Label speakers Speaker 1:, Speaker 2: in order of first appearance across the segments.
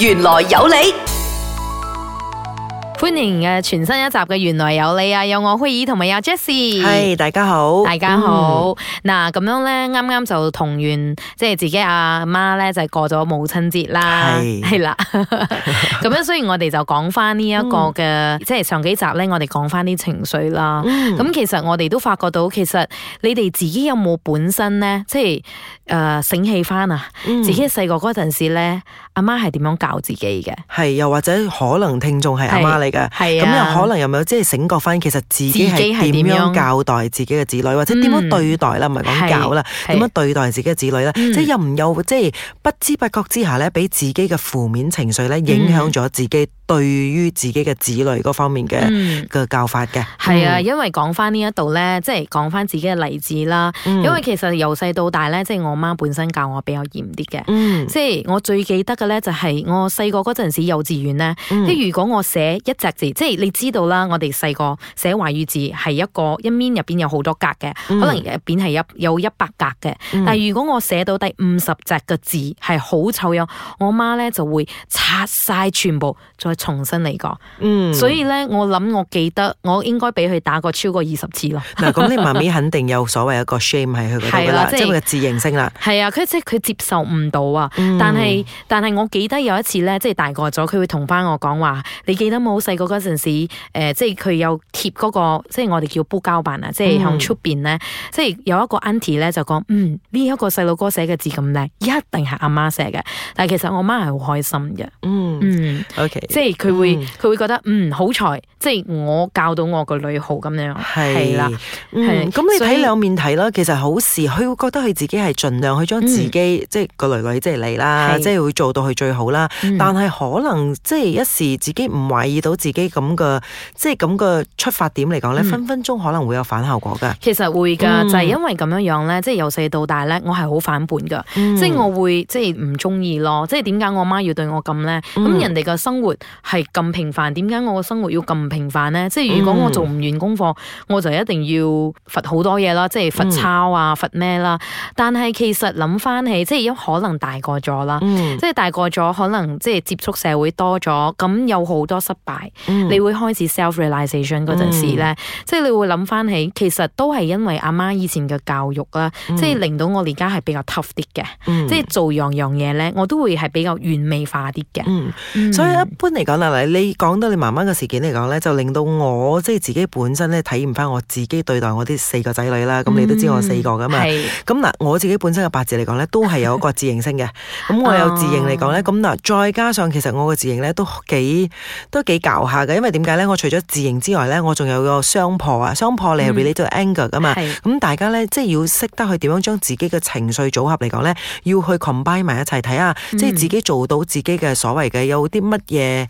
Speaker 1: 玄來有理。歡迎嘅全新一集嘅原來有你啊，有我許儀同埋阿 Jessie。係、hey, 大家好，大家、嗯、好。嗱咁樣咧，啱啱就同完，即係自己阿媽咧就過咗母親節啦。係係啦。咁樣雖然我哋就講翻呢一個嘅，即係上幾集咧，我哋講翻啲情緒啦。咁其實我哋都發覺到，其實你哋自己有冇本身咧，即係誒、呃、醒起翻啊？嗯、自己細個嗰陣時咧，阿媽係點樣教自己嘅？
Speaker 2: 係又或者可能聽眾係阿媽嚟？係，咁又、啊、可能又咪即係醒覺翻，其實自己係點樣教代自己嘅子女，或者點樣對待啦，唔係講教啦，點樣對待自己嘅子女啦，即係又唔有即係、就是、不知不覺之下咧，俾自己嘅負面情緒咧影響咗自己。嗯對於自己嘅子女嗰方面嘅嘅、嗯、教法嘅，係、嗯、啊，
Speaker 1: 因為講翻呢一度咧，即、就、係、是、講翻自己嘅例子啦。嗯、因為其實由細到大咧，即、就、係、是、我媽本身教我比較嚴啲嘅。即係、嗯、我最記得嘅咧，就係我細個嗰陣時幼稚園咧，即、嗯、如果我寫一隻字，即、就、係、是、你知道啦，我哋細個寫華語字係一個一面入邊有好多格嘅，嗯、可能入邊係一有一百格嘅。嗯、但係如果我寫到第五十隻嘅字係好醜樣，我媽咧就會拆晒全部再，重新嚟過，嗯，所以咧，我諗我記得我應該俾佢打過超過二十次咯。嗱，咁你媽咪
Speaker 2: 肯定有所謂一個 shame 喺佢嗰度啦，即係佢個字認聲啦。
Speaker 1: 係啊,佢即係佢接受唔到啊。但係但係我記得有一次咧，即係大個咗，佢會同翻我講話，你記得冇細個嗰陣時，誒、呃，即係佢有貼嗰、那個，即係我哋叫煲膠板啊，即係向出邊咧，嗯、即係有一個 auntie 咧就講，嗯，呢一個細路哥寫嘅字咁靚，一定係阿媽，媽寫嘅。但係其實我媽係好開心嘅，嗯嗯，OK，即係。佢會佢會覺得嗯，好彩，即係我教到我個女好咁樣係啦，嗯，咁你睇兩面睇啦，其
Speaker 2: 實好事，佢會覺得佢自己係盡量去將自己即係個女女即係你啦，即係會做到佢最好啦。但係可能即係一時自己唔懷疑到自己咁嘅，即係咁嘅出發點嚟講咧，分分鐘可能會有反效果噶。
Speaker 1: 其實會噶，就係因為咁樣樣咧，即係由細到大咧，我係好反叛噶，即係我會即係唔中意咯。即係點解我媽要對我咁咧？咁人哋嘅生活，係咁平凡，點解我嘅生活要咁平凡咧？即係如果我做唔完功課，我就一定要罰好多嘢啦，即係罰抄啊、罰咩啦。但係其實諗翻起，即係有可能大個咗啦，嗯、即係大個咗，可能即係接觸社會多咗，咁有好多失敗，嗯、你會開始 self-realization 嗰陣時咧，嗯、即係你會諗翻起，其實都係因為阿媽以前嘅教育啦，嗯、即係令到我而家係比較 tough 啲嘅，嗯、即係做樣樣嘢咧，我都會係比較完美化啲嘅，嗯嗯、所以
Speaker 2: 一般嚟講啦，你講到你媽媽嘅事件嚟講咧，就令到我即係自己本身咧體現返我自己對待我啲四個仔女啦。咁、嗯、你都知我四個噶嘛？咁嗱是，我自己本身嘅八字嚟講咧，都係有一個自刑星嘅。咁 我有自刑嚟講咧，咁嗱，再加上其實我嘅自刑咧都幾都幾姣下嘅。因為點解咧？我除咗自刑之外咧，我仲有個雙破啊，雙破你係 related to anger 噶嘛。咁、嗯、大家咧即係要識得去點樣將自己嘅情緒組合嚟講咧，要去 combine 埋一齊睇下，即係自己做到自己嘅所謂嘅有啲乜嘢。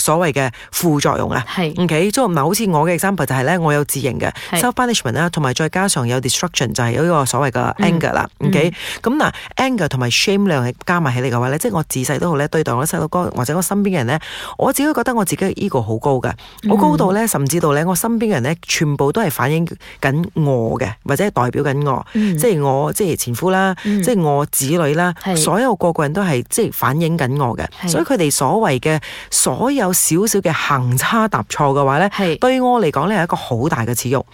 Speaker 2: 所謂嘅副作用啊，OK，即係唔係好似我嘅 example 就係咧，我有自認嘅 self punishment 啦，同埋再加上有 destruction，就係有呢個所謂嘅 anger 啦，OK，咁嗱，anger 同埋 shame 兩嘢加埋起嚟嘅話咧，即係我自細都好咧，對待我細佬哥或者我身邊嘅人咧，我自己覺得我自己 ego 好高嘅，我高度咧，甚至到咧，我身邊嘅人咧，全部都係反映緊我嘅，或者係代表緊我，即係我即係前夫啦，即係我子女啦，所有個個人都係即係反映緊我嘅，所以佢哋所謂嘅所有。有少少嘅行差踏錯嘅話呢，係是對我嚟講呢，係一個好大嘅恥辱，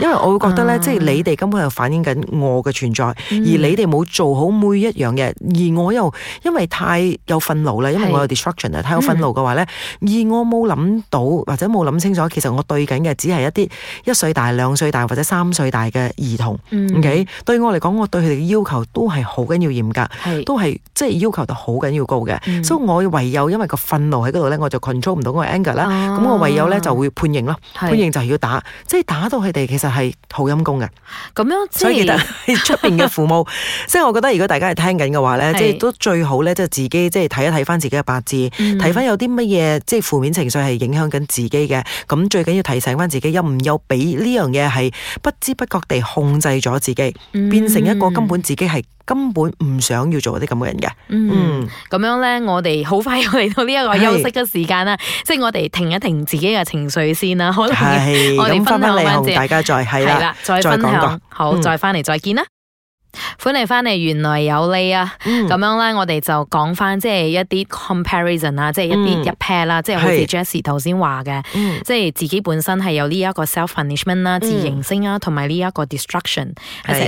Speaker 2: 因為我會覺得呢，啊、即係你哋根本又反映緊我嘅存在，嗯、而你哋冇做好每一樣嘢，而我又因為太有憤怒啦，因為我有 destruction 啊是，太有憤怒嘅話呢，而我冇諗到或者冇諗清楚，其實我對緊嘅只係一啲一歲大、兩歲大或者三歲大嘅兒童、嗯、o、okay? 對我嚟講，我對佢哋嘅要求都係好緊要嚴格，是都係即係要求得好緊要高嘅，嗯、所以我唯有因為個憤怒喺嗰度呢，我就困。捉唔到嗰個 anger 啦，咁我、啊、唯有咧就會判刑咯，是判刑就係要打，即係打到佢哋其實係好陰功嘅，
Speaker 1: 咁樣所以其實
Speaker 2: 出邊嘅父母，即係 我覺得如果大家係聽緊嘅話咧，是即係都最好咧，即係自己即係睇一睇翻自己嘅八字，睇翻、嗯、有啲乜嘢即係負面情緒係影響緊自己嘅，咁最緊要提醒翻自己又唔有俾呢樣嘢係不知不覺地控制咗自己，嗯、變成一個根本自己係。根本唔想要做嗰啲咁嘅人嘅，嗯，
Speaker 1: 咁、嗯、樣咧，我哋好快又嚟到呢一個休息嘅時間啦，是即係我哋停一停自己嘅情緒先啦，好啦是，我哋分享嚟同、嗯、大家再係啦，再分享，好，嗯、再翻嚟再見啦。歡迎翻嚟，原來有你啊！咁樣咧，我哋就講翻即係一啲 comparison 啊，即係一啲一 pair 啦，即係好似 Jessie 頭先話嘅，即係自己本身係有呢一個 self-finishment 啦、自認星啊，同埋呢一個 destruction，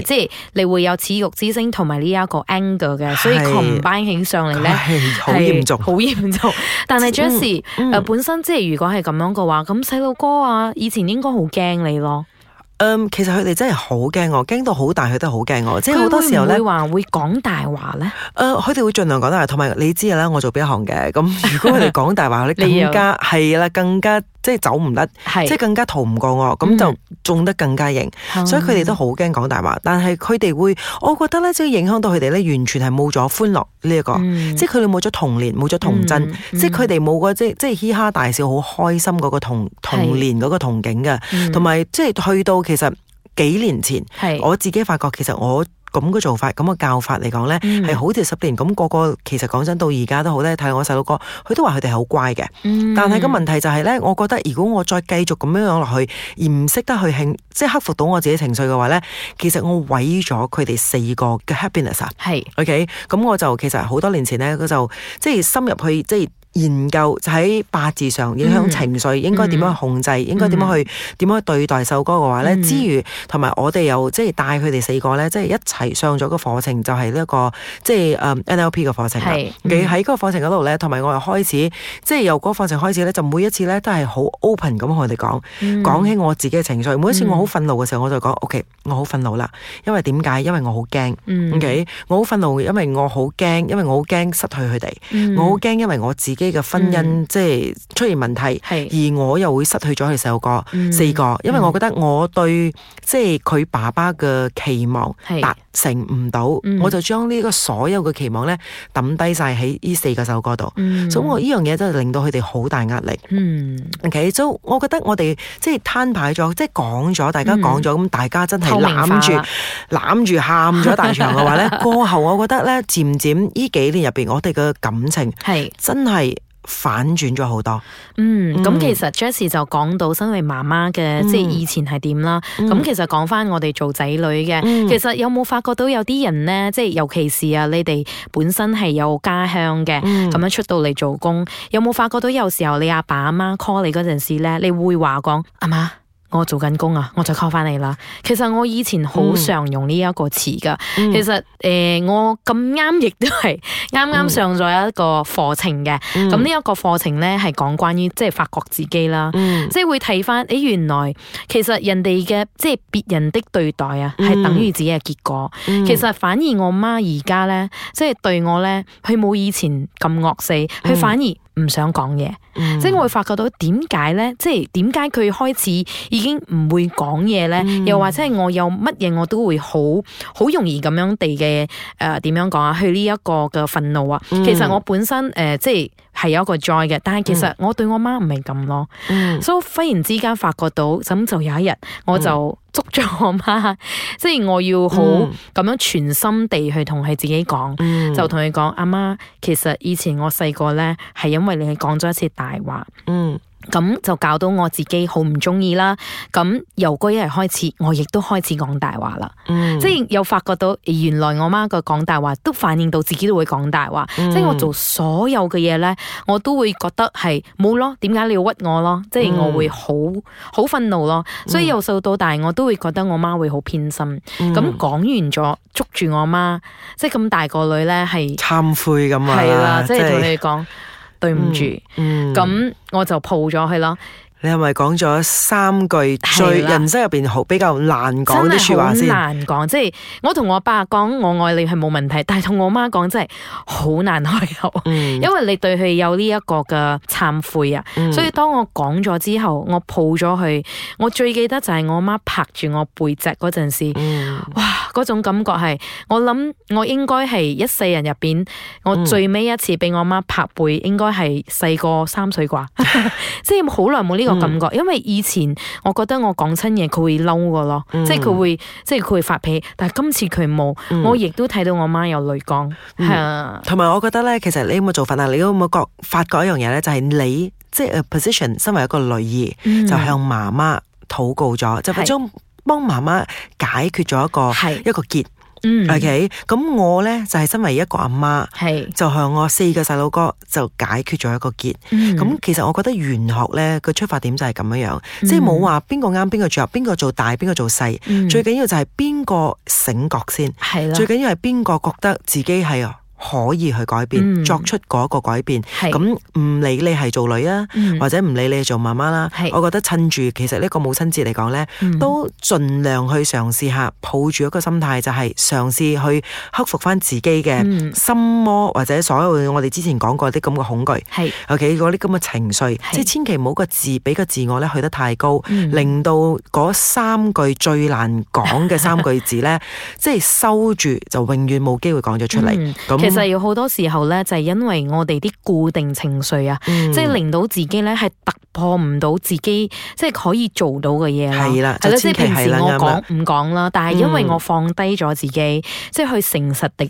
Speaker 1: 即係你會有恥辱之心，同埋呢一個 anger 嘅，所以 combine 起上嚟咧，係好嚴重，好嚴重。但係 Jessie 誒，本身即係如果係咁樣嘅話，咁細路哥啊，以前應該好驚你咯。嗯，um, 其實佢哋真係
Speaker 2: 好驚我，驚到好大，佢都係好驚我。即係好多時候呢，咧，佢
Speaker 1: 會講大話咧。
Speaker 2: 誒，佢哋會盡量講大話，同埋你知啦，我做邊一行嘅。咁如果佢哋講大話， 你更加係啦， 更加。即係走唔甩，是即係更加逃唔過我，咁、嗯、就種得更加型，嗯、所以佢哋都好驚講大話。但係佢哋會，我覺得咧，即係影響到佢哋咧，完全係冇咗歡樂呢一個，嗯、即係佢哋冇咗童年，冇咗童真，嗯、即係佢哋冇個即係即係嘻哈大笑好開心嗰個童童年嗰個童景嘅，同埋、嗯、即係去到其實幾年前，是我自己發覺其實我。咁嘅做法，咁嘅教法嚟講呢，係、嗯、好似十年。咁個個其實講真，到而家都好咧。睇我細佬哥，佢都話佢哋係好乖嘅。但係個問題就係、是、呢，我覺得如果我再繼續咁樣講落去，而唔識得去興，即係克服到我自己情緒嘅話呢，其實我毀咗佢哋四個嘅 happiness 啊是。係，OK，咁、嗯、我就其實好多年前呢，佢就即係深入去即係。研究喺八字上影響情緒、嗯、應該點樣去控制？嗯、應該點樣去點樣去對待首歌嘅話咧？嗯、之餘同埋我哋又即係帶佢哋四個咧，即係一齊上咗個課程，就係呢一個即係誒 NLP 嘅課程。係你喺個課程嗰度咧，同埋我又開始即係由個課程開始咧，就每一次咧都係好 open 咁同佢哋講講起我自己嘅情緒。每一次我好憤怒嘅時候，我就講、嗯、OK，我好憤怒啦。因為點解？因為我好驚。OK，我好憤怒，因為我好驚，因為我好驚失去佢哋。我好驚，因為我自己。呢個婚姻、嗯、即係出現問題，是而我又會失去咗佢細路哥四個，因為我覺得我對、嗯、即係佢爸爸嘅期望達。是成唔到，嗯、我就將呢個所有嘅期望咧抌低晒喺呢四個首歌度，嗯、所以我呢樣嘢真係令到佢哋好大壓力。嗯
Speaker 1: ，OK
Speaker 2: 所以我覺得我哋即係攤牌咗，即係講咗，大家講咗，咁、嗯、大家真係攬住攬住喊咗大場嘅話咧， 過後我覺得咧，漸漸呢幾年入邊，我哋嘅感情
Speaker 1: 係真係。反轉咗好多，嗯，咁、嗯、其實 Jess 就講到身為媽媽嘅，嗯、即係以前係點啦。咁、嗯、其實講翻我哋做仔女嘅，嗯、其實有冇發覺到有啲人咧，即係尤其是啊，你哋本身係有家鄉嘅，咁、嗯、樣出到嚟，做工，有冇發覺到有時候你阿爸阿媽 call 你嗰陣時咧，你會話講阿媽？媽我做緊工啊，我就 call 翻你啦。其實我以前好常用呢、嗯呃、一個詞噶。其實誒，我咁啱亦都係啱啱上咗一個課程嘅。咁呢一個課程咧係講關於即係發覺自己啦，嗯、即係會睇翻誒，原來其實人哋嘅即係別人的對待啊，係等於自己嘅結果。嗯嗯、其實反而我媽而家咧，即係對我咧，佢冇以前咁惡死，佢反而、嗯。唔想講嘢，嗯、即係我會發覺到點解咧？即係點解佢開始已經唔會講嘢咧？嗯、又或者係我有乜嘢我都會好好容易咁、呃、樣地嘅誒？點樣講啊？去呢一個嘅憤怒啊？嗯、其實我本身誒、呃、即係係有一個 joy 嘅，但係其實我對我媽唔係咁咯，嗯、所以忽然之間發覺到，咁就，就有一日我就、嗯。嗯捉咗我媽，即係我要好咁、嗯、樣全心地去同佢自己講，嗯、就同佢講：阿媽，其實以前我細個呢，係因為你講咗一次大話。嗯咁就搞到我自己好唔中意啦。咁由嗰一日開始，我亦都開始講大話啦。嗯、即係又發覺到，原來我媽個講大話，都反映到自己都會講大話。嗯、即係我做所有嘅嘢咧，我都會覺得係冇咯。點解你要屈我咯？即係我會好好憤怒咯。所以由細到大，我都會覺得我媽會好偏心。咁講、嗯嗯、完咗，捉住我媽，即係咁大個女咧，係懺悔咁啊，係啦，即係同你講。對唔住，咁我就抱咗佢啦。 嗯嗯 你係咪講咗
Speaker 2: 三句最人生入邊好比較難講啲說話先？難
Speaker 1: 講，即係我同我爸講我愛你係冇問題，但係同我媽講真係好難開口，嗯、因為你對佢有呢一個嘅懺悔啊，嗯、所以當我講咗之後，我抱咗佢，我最記得就係我媽拍住我背脊陣時，嗯、哇，嗰種感覺係，我諗我應該係一世人入邊，我最尾一次俾我媽拍背，應該係細過三歲啩， 即係好耐冇呢個。感覺，嗯、因為以前我覺得我講親嘢佢會嬲噶咯，嗯、即係佢會，即係佢會發脾氣。但係今次佢冇，嗯、我亦都睇到我媽有淚光，係啊、嗯。同埋是我覺得咧，其實你有冇做法啊？你
Speaker 2: 有冇覺發覺一樣嘢咧？就係、是、你即係誒，position 身為一個女兒，嗯、就向媽媽禱告咗，就係幫媽媽解決咗一個係是一個結。OK，咁我咧就係身為一個阿媽，就向我四個細佬哥就解決咗一個結。咁其實我覺得玄學咧個出發點就係咁樣樣，即係冇話邊個啱邊個着，邊個做大邊個做細，最緊要就係邊個醒覺先，最緊要係邊個覺得自己係哦。可以去改變，作出嗰個改變。咁唔理你係做女啊，或者唔理你係做媽媽啦。我覺得趁住其實呢個母親節嚟講呢，都盡量去嘗試下抱住一個心態，就係嘗試去克服返自己嘅心魔或者所有我哋之前講過啲咁嘅恐懼，尤其嗰啲咁嘅情緒，即係千祈唔好個自俾個自我咧去得太高，令到嗰三句最難講嘅三句字呢，即係收住就永遠冇機會講咗出嚟。咁。就係
Speaker 1: 好多時候咧，就係因為我哋啲固定情緒啊，即係令到自己咧係突破唔到自己，即係可以做到嘅嘢啦。係啦，係啦，即係平時我講唔講啦，但係因為我放低咗自己，即係去誠實地，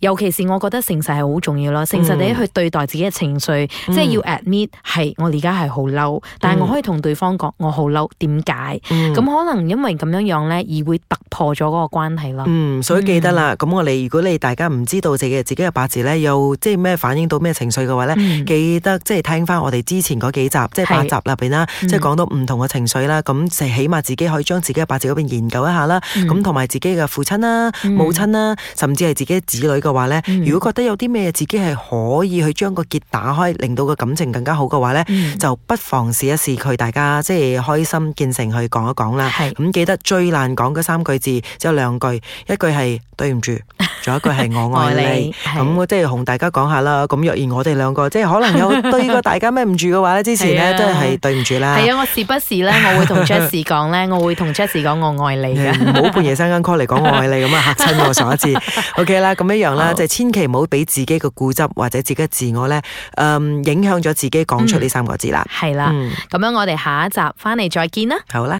Speaker 1: 尤其是我覺得誠實係好重要啦，誠實地去對待自己嘅情緒，即係要 admit 係我而家係好嬲，但係我可以同對方講我好嬲，點解？咁可能因為咁樣樣咧而會突破咗嗰個關係咯。嗯，
Speaker 2: 所以記得啦，咁我哋如果你大家唔知道自己嘅啲嘅八字咧，又即係咩反映到咩情緒嘅話咧， 嗯、記得即係聽翻我哋之前嗰幾集，即係八集入邊啦，嗯、即係講到唔同嘅情緒啦。咁就起碼自己可以將自己嘅八字嗰邊研究一下啦。咁同埋自己嘅父親啦、啊、嗯、母親啦、啊，甚至係自己嘅子女嘅話咧，嗯、如果覺得有啲咩自己係可以去將個結打開，令到個感情更加好嘅話咧，嗯、就不妨試一試佢。大家即係開心見誠去講一講啦。咁是、嗯、記得最難講嘅三句字，只有兩句，一句係對唔住，仲有一句係我愛你。 愛你咁我是即係同大家講下啦。咁若然我哋兩個即係可能有對過大家咩唔住嘅話咧，之前咧 都係對唔住啦。係啊，
Speaker 1: 我時不時咧我會同 Jess 講咧，我會同 Jess 講 我，我愛你啊。唔好
Speaker 2: 半夜三更 call 嚟講我愛你咁啊，嚇親我上一次。OK 啦，咁一樣啦，oh. 就千祈唔好俾自己個固執或者自己嘅自我咧，誒、嗯、影響咗自己講出呢三個字、嗯、啦。係啦、嗯，
Speaker 1: 咁樣我哋下一集翻嚟再見啦。
Speaker 2: 好啦。